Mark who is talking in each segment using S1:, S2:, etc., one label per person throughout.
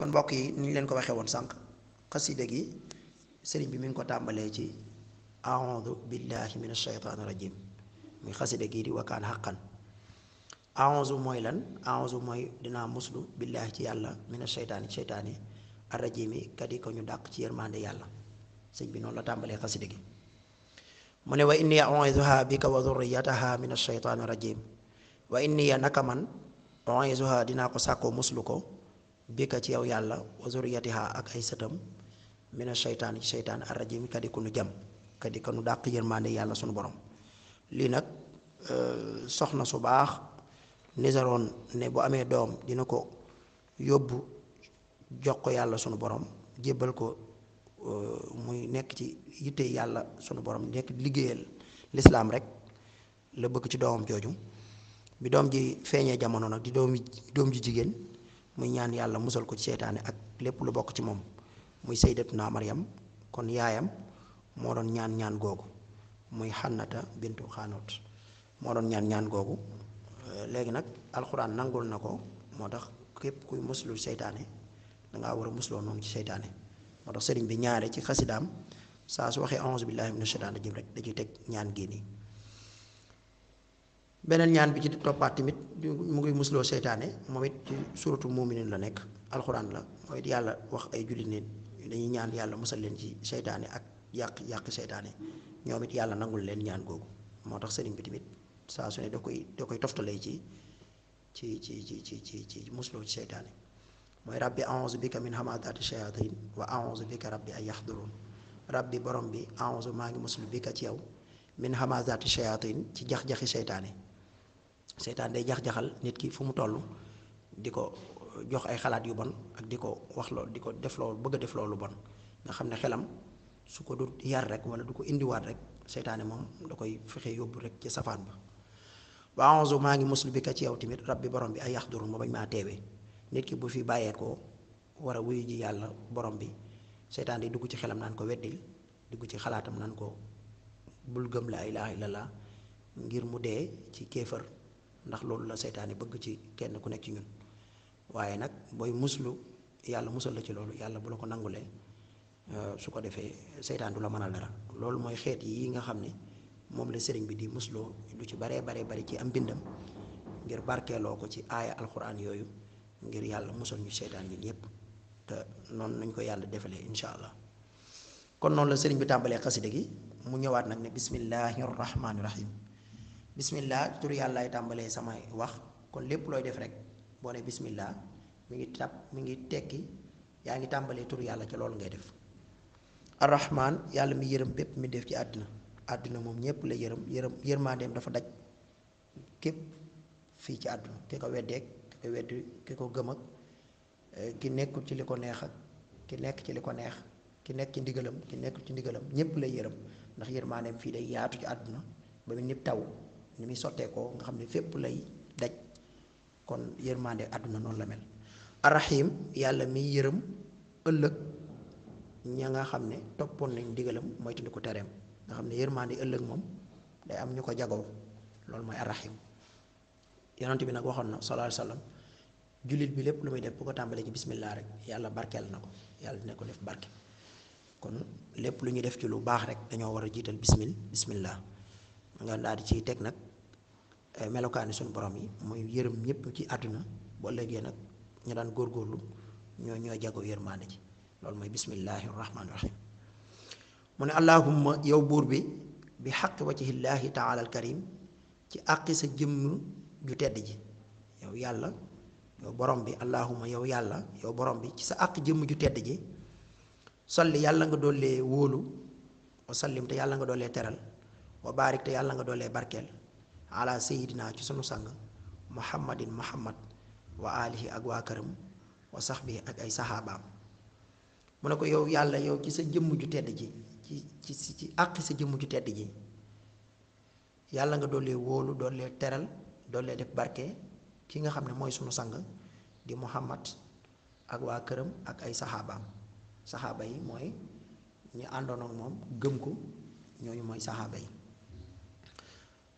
S1: kon mbokk yi ni leen ko waxee woon sànq xasida gi sëriñ bi mi ngi ko tàmbalee ci aoudu billahi min ashaytaani rajim muy xasida gi wakaan xaqan aoudu mooy lan aoudu mooy dinaa muslu billahi ci yàlla min ashaytaani ci shaytaani arrajim yi kat ko ñu dàq ci yërmande yàlla sëñ bi noonu la tàmbalee xasida gi mu ne wa inni auduha bika wa dhurriyataha min ashaytaani rajim wa inni naka man auduha dinaa ko sàkkoo muslu ko bika ci yow yàlla wa zuriyatiha ak ay sëtam mina seytaan ci seytaan arrajim kadiku nu jam kadiku nu dàq yërmaande yàlla sunu borom lii nag euh, soxna su baax nisaroon ne bu amee doom dina ko yóbbu jox ko yàlla sunu boroom jébbal ko euh, muy nekk ci yitte yàlla sunu borom nekk liggéeyal lislaam rek la bëgg ci doomam jooju bi doom ji feeñee jamono nag di doom doom ji jigéen muy ñaan yàlla musal ko ci seytaane ak lépp lu bokk ci moom muy sayyidatuna Maryam kon yaayam moo doon ñaan ñaan googu muy xànnata bintu xaanoot moo doon ñaan ñaan googu euh, léegi nag alxuraan nangul na ko moo tax képp kuy muslu seytaane dangaa war a musloo noonu ci seytaane moo tax sëriñ bi ñaare ci xasidaam saa su waxee a'uuzu billaahi mina shaytaani rajiim rek da ciy teg ñaan gii beneen ñaan bi ci toppaat tamit mu ngi musloo seytaane moom it ci suratul muminin la nekk alxuraan la mooy yàlla wax ay jullit ne dañuy ñaan yàlla musal leen ci seytaane ak yàq yàq seytaane ñoom it yàlla nangul leen ñaan googu moo tax sëriñ bi tamit saa su ne da koy da koy toftalee ci ci ci ci ci ci ci seytaane mooy rabbi a'uuzu bika min hamazaati shayaatiin wa a'uuzu bika rabbi ay yaxduruun rabbi borom bi a'uuzu maa ngi muslu bika ci yow min hamazaati shayaatiin ci jax-jaxi seytaane seetaan day jax-jaxal nit ki fu mu toll di ko jox ay xalaat yu bon ak di ko wax loolu di ko def loolu bëgg a def loolu bon nga xam ne xelam su ko du yar rek wala du ko indiwaat rek seytaane moom da koy fexe yóbbu rek ci safaan ba wa a'uuzu maa ngi muslu bi ka ci yow tamit bi borom bi ay yaxdurun ma bañ maa teewee nit ki bu fi bàyyeekoo war a wuyu ji yàlla borom bi seytaan day dugg ci xelam naan ko weddil dugg ci xalaatam naan ko bul gëm la ilaha illallah ngir mu dee ci kéefër ndax loolu la seytaane bëgg ci kenn ku nekk ci ñun waaye nag booy muslu yàlla musal la ci loolu yàlla bu la ko nangulee euh, su ko defee seytaan du la mënal dara loolu mooy xeet yi nga xam ni moom la sëriñ bi di musloo lu ci baree baree bari ci am mbindam ngir barkeeloo ko ci aaya alxuraan yooyu ngir yàlla musal ñu seytaan ñun ñëpp te noonu nañ ko yàlla defalee incha allah kon noonu la sëriñ bi tàmbalee xasida gi mu ñëwaat nag ne bismillahi rahmaani rahim bismillah tur yàllaay tàmbalee samay wax kon lépp looy def rek boo ne mu ngi tàpp mi ngi tekki yaa ngi tàmbalee tur yàlla ci loolu ngay def arrahman yàlla mi yërëm bépp mi def ci àdduna àddina moom ñépp la yërëm yërëm yërmandeem dafa daj képp fii ci àdduna ki ko weddeek ki ko weddi ki ko gëm ak eh, ki nekkul ci li ko neex ak ki nekk ci li ko neex ki nekk ci ndigalam ki nekkul ci ndigalam ñépp la yërëm ndax yërmandeem fii day yaatu ci àdduna ba mu nit taw ni muy sotteekoo nga xam ne fépp lay daj kon yërmande àdduna noonu la mel arrahim yàlla mi yërëm ëllëg ña nga xam ne toppoon nañ digalam moytandi ko tereem nga xam ne yërmande ëllëg moom day am ñu ko jagoo loolu mooy arrahim yonent bi nag waxoon na sallallahu alayhi wasallam jullit bi lépp lu muy def bu ko tàmbalee ci bismillah rek yàlla barkeel na ko yàlla dina ko def barke kon lépp lu ñuy def ci lu baax rek dañoo war a jiital bismil bismillah nga daal nag Eh, melokaani suñu borom yi mooy yërëm ñëpp ci àdduna boo léegee nag ñu daan góor góorlu ñoo ñoo jago yërmaande ci loolu mooy bismillahi rahmaani rahim mu ne allahumma yow buur bi bi xaq wajhillaahi taala al karim ci àqi sa jëmm ju tedd ji yow yàlla yow borom bi allahumma yow yàlla yow borom bi ci sa àq jëmm ju tedd ji solli yàlla nga doolee wóolu wa sallim te yàlla nga doolee teral wa baarik te yàlla nga doolee barkeel ala seydinaa ci sunu sang muhammadin muhammad wa alihi ak waa këram wa bi ak ay saxaabaam mu ne ko yow yàlla yow ci sa jëmm ju tedd ji ci ci ci àqi sa jëmm ju tedd ji yàlla nga doolee wóolu doolee teral doolee def barke ki nga xam ne mooy sunu sang di muhammad ak waa këram ak ay saxaabaam saxaaba yi mooy ñu àndoon ak moom gëm ko ñooñu mooy saxaaba yi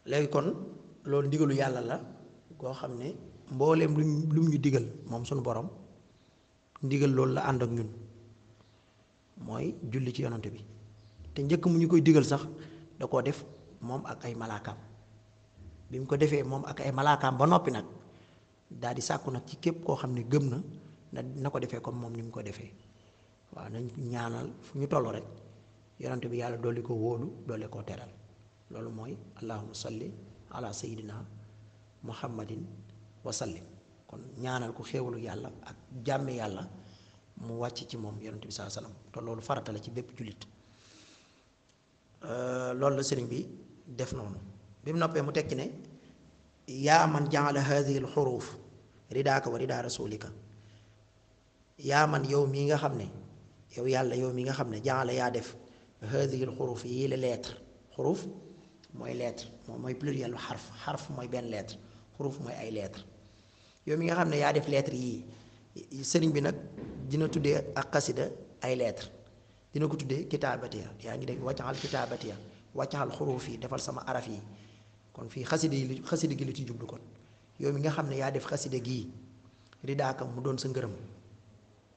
S1: léegi kon loolu ndigalu yàlla la koo xam ne mbooleem lu lu ñu digal moom suñu boroom ndigal loolu la ànd ak ñun mooy julli ci yonante bi te njëkk mu ñu koy digal sax da koo def moom ak ay malaakaam bi mu ko defee moom ak ay malaakaam ba noppi nag daal di sàkku nag ci képp koo xam ne gëm na na na ko defee comme moom ni mu ko defee waaw na ñaanal fu ñu toll rek yonante bi yàlla dolli ko wóolu dolli koo teral loolu mooy allahuma salli ala sayidina muhammadin wasallim kon ñaanal ko xéewalu yàlla ak jàmme yàlla mu wàcc ci moom yonent bi saa salaam te loolu farata la ci bépp jullit euh, loolu la sëriñ bi def noonu bi mu noppee mu tekki ne yaa man jaala hadihi al xuruuf ridaaka wa ridaa rasulika yaa man yow mii nga xam ne yow yàlla yow mii nga xam ne jaala yaa def hadihi al xuruuf yii la lettre xuruuf mooy lettre moom mooy pluriel lu xarf xarf mooy benn lettre xuruf mooy ay lettre yow mi nga xam ne yaa def lettre yii sëriñ bi nag dina tuddee ak xasida ay lettre dina ko tuddee kitaabatiya yaa ngi dégg wàccaxal kitaabatiya wàccaxal xuruf yi defal sama araf yi kon fii xasida yi xasida gi la ci jublu kon yow mi nga xam ne yaa def xasida gii ridaaka mu doon sa ngërëm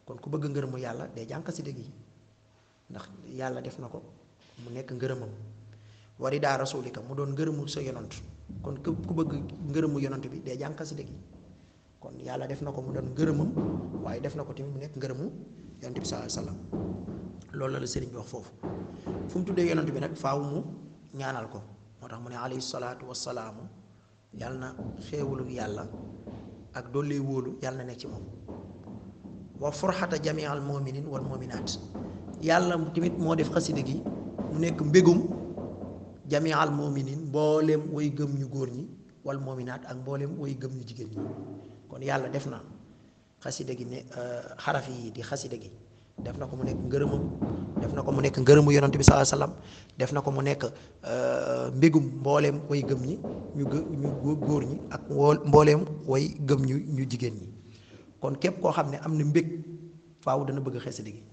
S1: kon ku bëgg ngërëmu yàlla day jàng xasida gi ndax yàlla def na ko mu nekk ngërëmam wari daa rasulika mu doon ngërëmu sa yonant kon ku ku bëgg ngërëmu yonant bi day jàng xasida gi kon yàlla def na ko mu doon ngërëmam waaye def na ko tamit mu nekk ngërëmu yonant bi sallallahu alayhi wasallam loolu la sëriñ wax foofu fu mu tuddee yonant bi nag faaw mu ñaanal ko moo tax mu ne alayhi salaatu wasalaamu yàlla na xéewalu yàlla ak dolli wóolu yàlla na nekk ci moom wa forxata jamial muminin wal muminaat yàlla tamit moo def xasida gi mu nekk mbégum jamii al muuminiin mbooleem way gëm ñu góor ñi wal muuminaat ak mbooleem way gëm ñu jigéen ñi kon yàlla def na xasida gi ne euh, xaraf yi di xasida gi def na ko mu nekk ngërëmam def na ko mu nekk ngërëmu yonante bi sallallahu alayhi wasallam def na ko mu nekk euh, mbégum mbooleem way gëm ñi ñu góor ñi ak mbooleem way gëm ñu ñu jigéen ñi kon képp koo xam ne am na mbég faaw dana bëgg xasida gi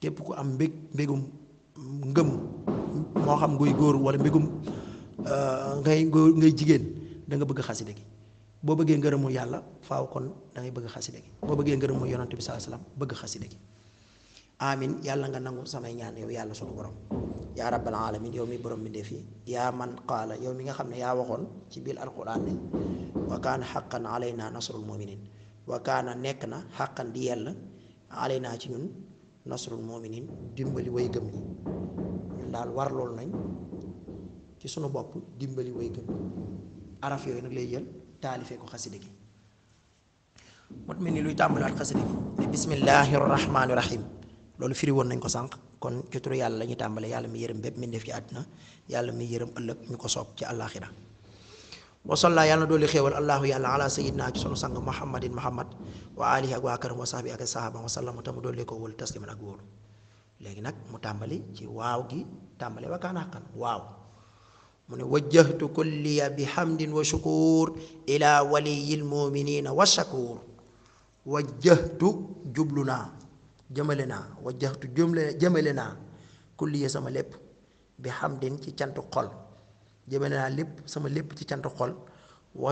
S1: képp ku am mbég mbégum ngëm moo xam nguy góor wala mbégum euh, ngay ngay jigéen danga bëgg xasida gi boo bëggee ngërëmu yàlla faaw kon da bëgg xasida gi boo bëggee ngërëmu yonante bi saa salaam bëgg xasida gi amin yàlla nga nangu samay ñaan yow yàlla sunu borom yaa rabbal alamin yow mi borom mi def yi yaa man qaala yow mi nga xam ne yaa waxoon ci biir alquran ne wa kaana xaqan alayna nasrul muminin wa kaana nekk na xaqan di yàlla alayna ci ñun nasrul muminin dimbali way gëm ñi daal war loolu nañ ci sunu bopp dimbali way gëm araf yooyu nag lay jël taalifee ko xasida gi mot mel ni luy tàmbaliwaat xasida gi ne bismillahi rahmaani rahim loolu firi woon nañ ko sànq kon ci turu yàlla la ñuy tàmbale yàlla mi yërëm bépp mi def ci àddina yàlla mi yërëm ëllëg ñu ko soob ci àllaaxira wasalla yàlla na dooli xéewal allaahu yàlla ala sayidna ci sunu sang muhammadin muhammad wa alihi ak waa këram wa sahbi ak sahaaba wa sallama tamu doollee ko wóolu tasliman ak wóolu léegi nag mu tàmbali ci waaw gi tàmbale wa kaana xaqan waaw mu ne wajjahtu kulliya bi xam wa shukur ila waliyil muminina wa shakur wajjahtu jublu naa jëmale naa wajjahtu juble jëmale naa kulliya sama lépp bi hamdin ci cantu xol jëmale naa sama lépp ci cantu xol wa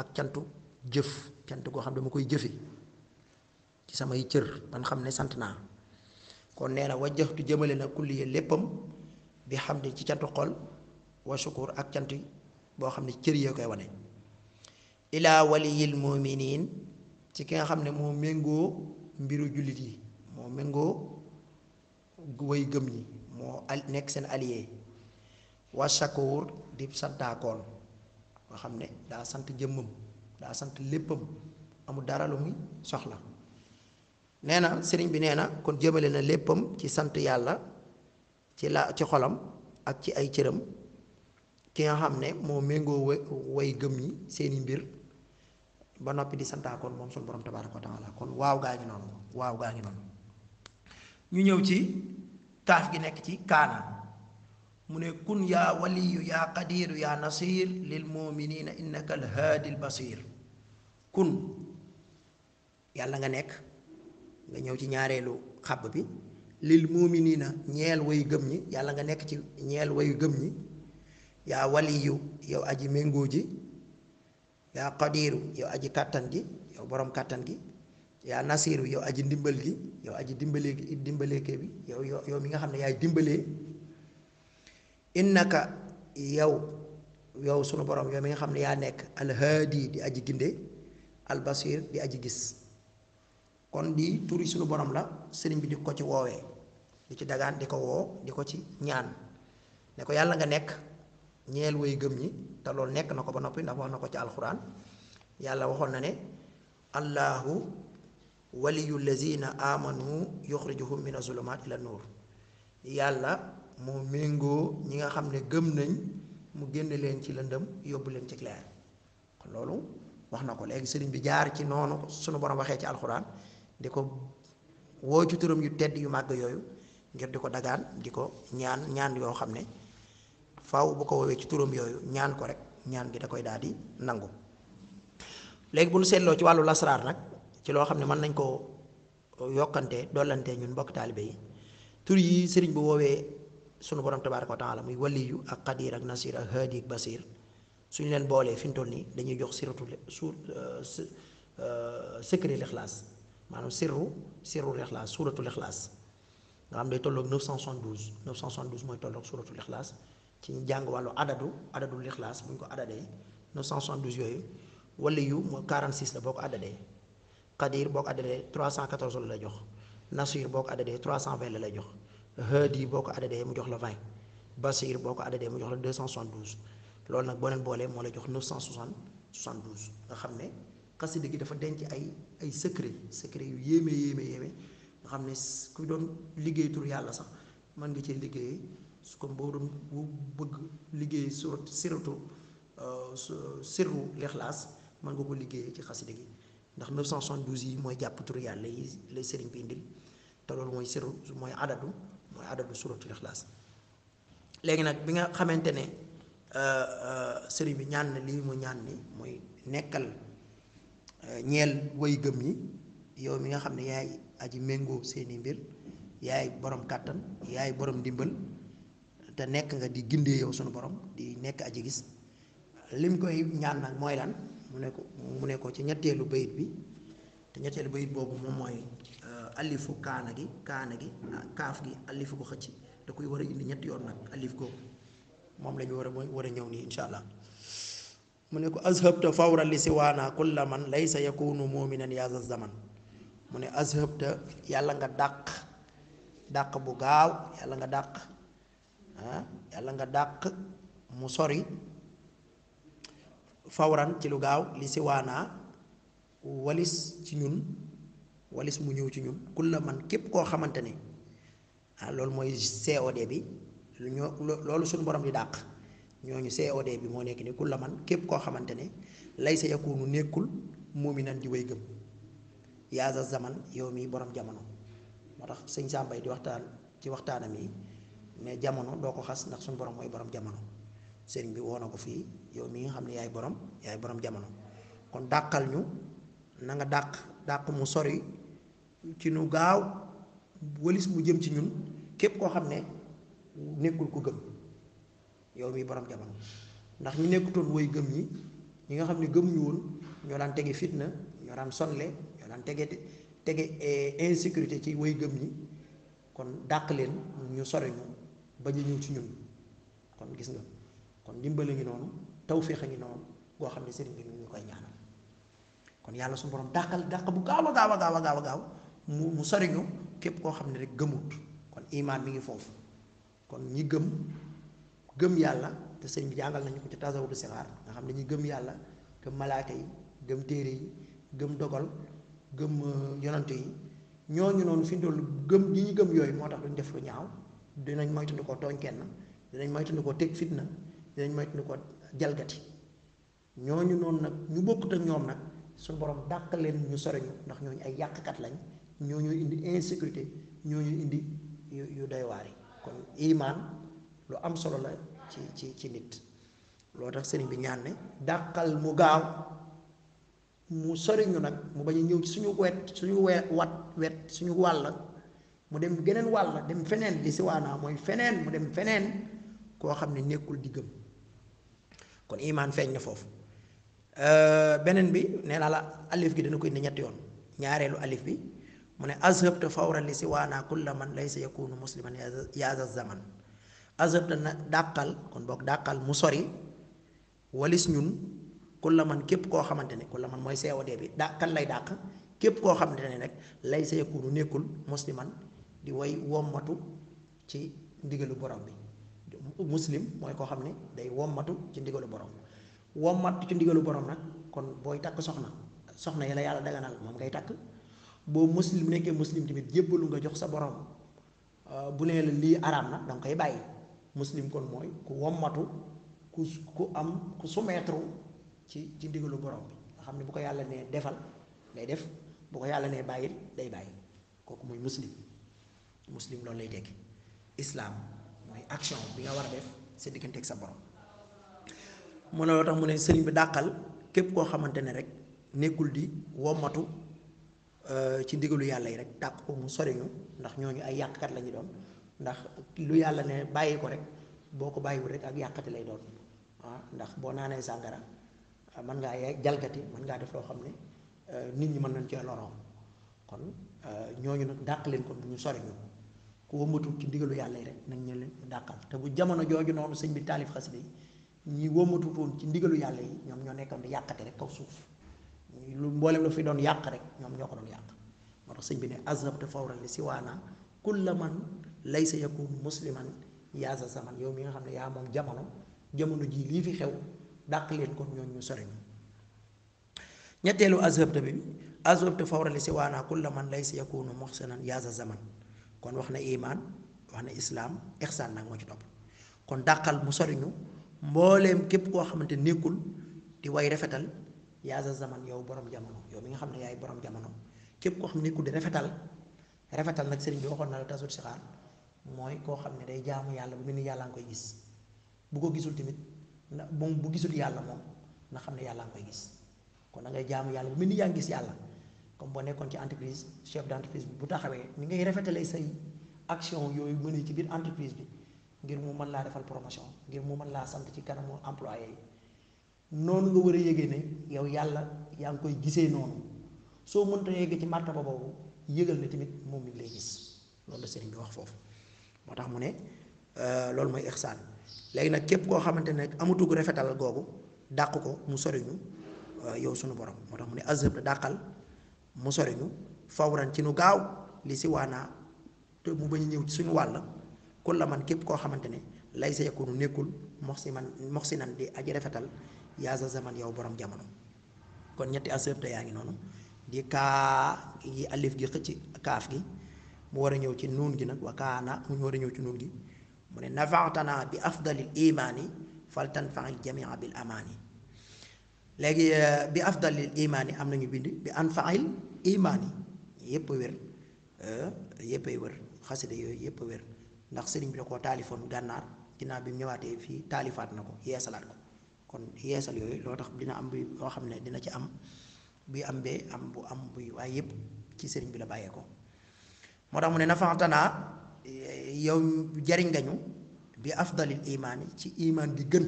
S1: ak cantu jëf cant koo xam dama koy jëfe ci samay cër man xam ne sant naa kon nee na wajjahtu jëmale na kulliya léppam bi xam ni ci cantu xol wa ak cant boo xam ne cër yee koy wane ilaa waliyil muuminiin ci ki nga xam ne moo méngoo mbiru jullit yi moo méngoo way gëm ñi moo al nekk seen allié wa shakur di santaakoon nga xam ne daa sant jëmmam daa sant léppam amul dara lu muy soxla nee na sëriñ bi nee na kon jëmale na léppam ci sant yàlla ci la ci xolam ak ci ay cëram ki nga xam ne moo méngoo way gëm yi seeni mbir ba noppi di santaakoon moom suñu borom tabaaraka wa taala kon waaw gaa ngi noonu waaw gaa ngi ñu ñëw ci kaaf gi nekk ci kaana mu ne kun yaa waliyu yaa qadiru yaa nasir lil muminina innaka alhaadi albasir kun yàlla nga nekk nga ñëw ci ñaareelu xàbb bi lil muminina ñeel wayu gëm ñi yàlla nga nekk ci ñeel wayu gëm ñi yaa waliyu yow aji méngoo ji yaa qadiru yow aji kàttan gi yow borom kàttan gi yaa nasiru yow aji ndimbal gi yow aji dimbalee mi nga xam ne yaay dimbalee innaka yow sunu borom yow mi nga xam ne yaa nekk alhaadi di aji ginde albasir di aji gis kon di turi sunu borom la sëriñ bi di ko ci woowee di ci dagaan di ko woo di ko ci ñaan ne ko yàlla nga nekk ñeel woy gëm ñi te loolu nekk na ko ba noppi ndax wax na ko ci alxuraan yàlla waxoon na ne allahu waliyu lazina amanu yuxrijuhum mina zulumaat ila nuur yàlla moo méngoo ñi nga xam ne gëm nañ mu génn leen ci lëndëm yóbbu leen ci leer loolu wax na ko léegi sëriñ bi jaar ci noonu sunu borom waxee ci alxuraan di ko woo ci turam yu tedd yu màgg yooyu ngir di ko dagaan di ko ñaan ñaan yoo xam ne faw bu ko woowee ci turam yooyu ñaan ko rek ñaan gi da koy daal di nangu léegi bu nu seetloo ci wàllu lasraar nag ci loo xam ne mën nañ koo yokkante dollante ñun mbokk taalibe yi tur yi sëriñ bu woowee sunu borom tabaaraka wa taala muy waliyu ak xadiir ak nasir ak haadi ak basir suñu leen boolee fi ñu toll nii dañuy jox siratu suur euh, euh, secret lixlaas maanaam sirru sirru lixlaas suuratul lixlaas nga xam day tolloog 972 972 mooy tolloog suratul ixlaas ci ñu jàng wàllu adadu adadul ixlaas bu ñu ko adadee 972 yooyu wala yu mooy 46 la boo ko adadee qadir boo ko adadee 314 la lay jox nasir boo ko adadee 320 la lay jox hadi boo ko adadee mu jox la 20 basir boo ko adadee mu jox la 272 loolu nag boo leen boolee moo lay jox 972 nga xam ne xasida gi dafa denc ay ay secret secret yu yéeme yéeme nga xam ne ku doon liggéey tur yàlla sax mën nga cee liggéey su ko boo doon boo bëgg liggéey surat siratu euh, sirru lixlaas mën nga ko liggéey ci xasida gi ndax 972 yi mooy jàpp tur yàlla yi lay sëriñ bi indil te loolu mooy sirru mooy adadu mooy adadu suratu lixlaas léegi nag bi nga xamante ne euh, euh, sëriñ bi ñaan na lii mu ñaan ni mooy nekkal ñeel woy gëm yi yow mi nga xam ne yaay aji méngoo seeni mbir yaay borom kàttan yaay borom ndimbal te nekk nga di gindee yow sunu borom di nekk aji gis lim koy ñaan nag mooy lan mu ne ko mu ne ko ci ñetteelu bayit bi te ñetteelu bayit boobu moom mooy euh, alifu kaana gi kaana gi ah, kaaf gi alifu ko xëcc da koy war a indi ñetti yoon nag alif googu war a mooy war a ñëw nii incha allah mu ne ko azhabta fawra li siwaana kulla man laysa zaman mu ne azhabta yàlla nga dàq dàq bu gaaw yàlla nga dàq ah yàlla nga dàq mu sori fawran ci lu gaaw li si waanaa walis ci ñun walis mu ñëw ci ñun kulla man képp koo xamante ne ah loolu mooy COD bi lu ñoo loolu suñu borom di dàq ñooñu COD bi moo nekk ni la man képp koo xamante ne lay sa yakunu nekkul muuminan di way gëm yaasa zaman yow mii borom jamono moo tax sëñ Sàmbay di waxtaan ci waxtaanam yi ne jamono doo ko xas ndax suñ borom mooy borom jamono sëriñ bi woo na ko fii yow mii nga xam ne yaay borom yaay borom jamono kon dàqal ñu na nga dàq dàq mu sori ci nu gaaw walis mu jëm ci ñun képp koo xam ne nekkul ku gëm mii borom jamono ndax ñu nekkutoon woy gëm ñi ñi nga xam ne gëm woon ñoo daan tege fitna ñoo daan sonle maanaam tege tege eh, insécurité ci way gëm ñi kon dàq leen ñu sore ñu bañ a ñëw ci ñun kon gis nga kon ndimbal a ngi noonu tawféex a ngi noonu goo xam ne sëriñ bi ñu koy ñaanal kon yàlla su borom dàqal dàq bu gaaw a gaaw a gaaw a a gaaw mu mu sori ñu képp koo xam ne rek gëmut kon imaan mi ngi foofu kon ñi gëm gëm yàlla te sëriñ bi jàngal nañu ko ci tasawudu sixaar nga xam ne ñi gëm yàlla gëm malaaka yi gëm téere yi gëm dogal gëm euh, yonante yi ñoo ñooñu noonu fi dool gëm gi ñu gëm yooyu moo tax duñ def lu ñaaw dinañ moytandi koo tooñ kenn dinañ moytandi koo teg fitna dinañ moytandi koo jalgati ñooñu noonu nag ñu bokkut ak ñoom nag suñu borom dàq leen ñu sore ñu ndax ñooñu ay yàqkat lañ ñoo ñooñu indi insécurité ñooñu indi yu yu doy waar yi kon imaan lu am solo la ci ci ci nit loo tax sëriñ bi ñaan ne dàqal mu gaaw. mu soriñu nag mu bañ a ñëw suñu wet suñu wet wat wet suñu wàll mu dem geneen wàll dem feneen li si waanaa mooy feneen mu dem feneen koo xam ne nekkul diggam kon imaan feeñ na foofu euh, beneen bi nee naa la alif gi dana koy indi ñetti yoon ñaareelu alif bi mu ne azhabta fawra li si waanaa kulla man laysa yakunu musliman yaaza zaman azhabta na dàqal kon boog dàqal mu sori walis ñun ku la man képp koo xamante ne ku la man mooy COD bi daa kan lay dàq képp koo xamante ne rek lay sa yëkkunu nekkul musliman di way wommatu ci ndigalu borom bi muslim mooy koo xam ne day wommatu ci ndigalu borom wommatu ci ndigalu borom nag kon booy takk soxna soxna yi la yàlla daganal moom ngay takk boo muslim nekkee muslim tamit jébbalu nga jox sa borom euh, bu nee la lii araam na danga koy bàyyi muslim kon mooy ku wommatu ku ku am ku soumettre ci ci ndigalu borom bi nga xam ne bu ko yàlla nee defal lay def bu ko yàlla nee bàyyil day bàyyi kooku mooy muslim muslim loolu lay tekki islaam mooy action bi nga war a def sa diggante ak sa borom mu ne loo tax mu ne sëriñ bi dàqal képp koo xamante ne rek nekkul di wommatu euh, ci ndigalu yàlla yi rek dàq ko mu sori ñu ndax ñooñu ay yàqkat la ñu doon ndax lu yàlla ne bàyyi ko rek boo ko bàyyiwul rek ak yàqati lay doon waaw ndax boo naanee sàngara mën ngaa jalgati mën ngaa def loo xam ne euh, nit ñi mën nañ cee loroo kon euh, ñooñu nag dàq leen kon bu ñu sori ñu ku wëmbatul ci ndigalu yàlla yi rek nañ ñu leen te bu jamono jooju noonu sëñ bi taalif xasida yi ñi ci ndigalu yàlla yi ñoom ñoo nekkoon di yàqate rek kaw suuf lu mboolem la fi doon yàq rek ñoom ñoo ko doon yàq moo tax sëñ bi ne azabte fawran li siwaana kulla man laysa yakun musliman yaasa saman yow mi nga xam ne yaa moom jamono jamono jii lii fi xew dàq leen kon ñooñu ñu sori ñetteelu azhabta bi azhabta fawrali si waanaa kulla man lay si yakunu muhsanan yaasa zaman kon wax na iman wax na islaam ixsaan nag moo ci topp kon dàqal mu sori ñu képp koo xamante nekkul di way rafetal yaasa zaman yow borom jamono yow mi nga xam ne yaay borom jamono képp koo xam ne nekkul di rafetal rafetal nag sëriñ bi waxoon na la tasut si xaar mooy koo xam ne day jaamu yàlla bu mel ni yàlla nga koy gis bu ko gisul tamit. na moom bu gisul yàlla moom na xam ne yàlla nga koy gis kon na ngay jaamu yàlla bu mel ni yaa ngi gis yàlla comme boo nekkoon ci entreprise chef d' entreprise bi bu taxawee ni ngay rafetalee say action yooyu mënee ci biir entreprise bi ngir mu mën laa defal promotion ngir mu mën laa sant ci kanamu employé yi noonu nga war a yégee ne yow yàlla yaa ngi koy gisee noonu soo mënta yégee ci martaba boobu yëgal ne tamit moom mi ngi lay gis loolu la sëriñ bi wax foofu moo tax mu ne euh, loolu mooy ixsaan léegi nag képp koo xamante ne amutug rafetal googu dàq ko mu soriñu euh, yow sunu borom moo tax mu ne azhab da dàqal mu soriñu fawran ci nu gaaw li si waanaa te mu bañ ñëw ci suñu wàll kul la man képp koo xamante ne lay sa yakunu nekkul mox si man mox si nan di aji rafetal yaa sa zaman yow borom jamono kon ñetti azhab yaa ngi noonu di kaa gi alif gi xëcc kaaf gi mu war a ñëw ci nuun gi nag kaa naa mu war a ñëw ci nuun gi mu ne nafaatana bi afdalil imaani faltanfaxil jamia bil amaani léegi euh, bi afdalil imaani am nañu bind bi anfaxil imaani yépp a wér euh, yépp ay wér xasida yooyu yépp a wér ndax sëriñ bi da koo taalifoon gànnaar ginnaaw bi mu ñëwaatee fii taalifaat na ko yeesalaat ko kon yeesal yooyu loo tax dina am bi loo xam ne dina ci am buy am bee am bu am buy waaye yépp ci sëriñ bi la bàyyeeko moo tax mu ne nafaxtanaa Eh, yow jariñ nga ñu bi afdalil imaan ci imaan gi gën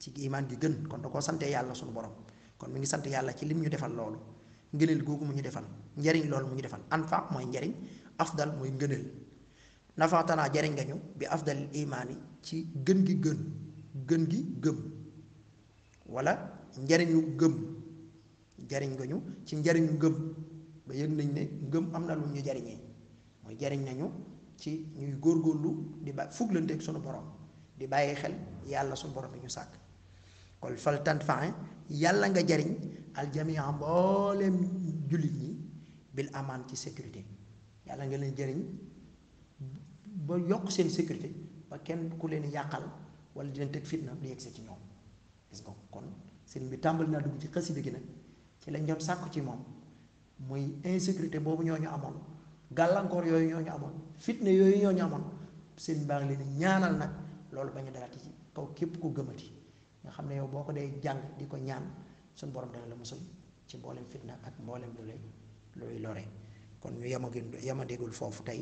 S1: ci imaan gi gën kon da koo santee yàlla suñu borom kon mu ngi sant yàlla ci lim ñu defal loolu ngëneel googu mu ñu defal njariñ loolu mu ngi defal anfa mooy njariñ afdal mooy ngëneel nafatanaa jariñ nga ñu bi afdalil imaan yi ci gën gi gën gën gi gëm wala njariñu gëm jariñ nga ñu ci njariñu gëm ba yëg nañ ne gëm am na lu ñu jariñee mooy jariñ nañu ci ñuy góor góorlu di ba fuglante ak sunu borom di bàyyi xel yàlla sunu borom bi ñu sàkk kon fal tanfaa yàlla nga jariñ aljamia mbooleem jullit ñi bil amaan ci sécurité yàlla nga leen jariñ ba yokk seen sécurité ba kenn ku leen yàqal wala dina teg fitna di yegg ci ñoom gis nga kon sëriñ bi tàmbali naa dugg ci xasida gi nag ci lañ doon sàkku ci moom muy insécurité boobu ñoo ñu amoon gàllankoor yooyu ñoo ñu amoon fitne yooyu ñoo ñu amoon sëriñ baa ngi leen ñaanal nag loolu ba ñu darati ci kaw képp ku gëmati nga xam ne yow boo ko dee jàng di ko ñaan suñu borom dana la musul ci mboolem fitna ak mboolem lu lay luy lore kon ñu yema yema déggul foofu tey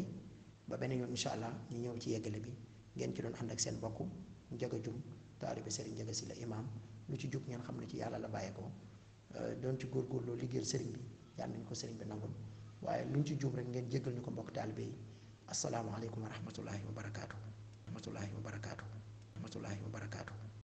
S1: ba beneen yoon incha allah ñu ñëw ci yeggale bi ngeen ci doon ànd ak seen bokk njaga jum taalibe sëriñ njaga si la imaam lu ci jub ngeen xam ne ci yàlla la bàyyeekoo euh, doon ci góorgóorloo liggéeyal sëriñ bi yàlla nañ ko sëriñ bi nangul waaye luñ ci juum rek ngeen jéggal ñu ko mbokk taalibe bi asalaamaaleykum wa rahmatullahi wa barakaatu rahmatullahi wa barakaatu rahmatullahi wa barakaatu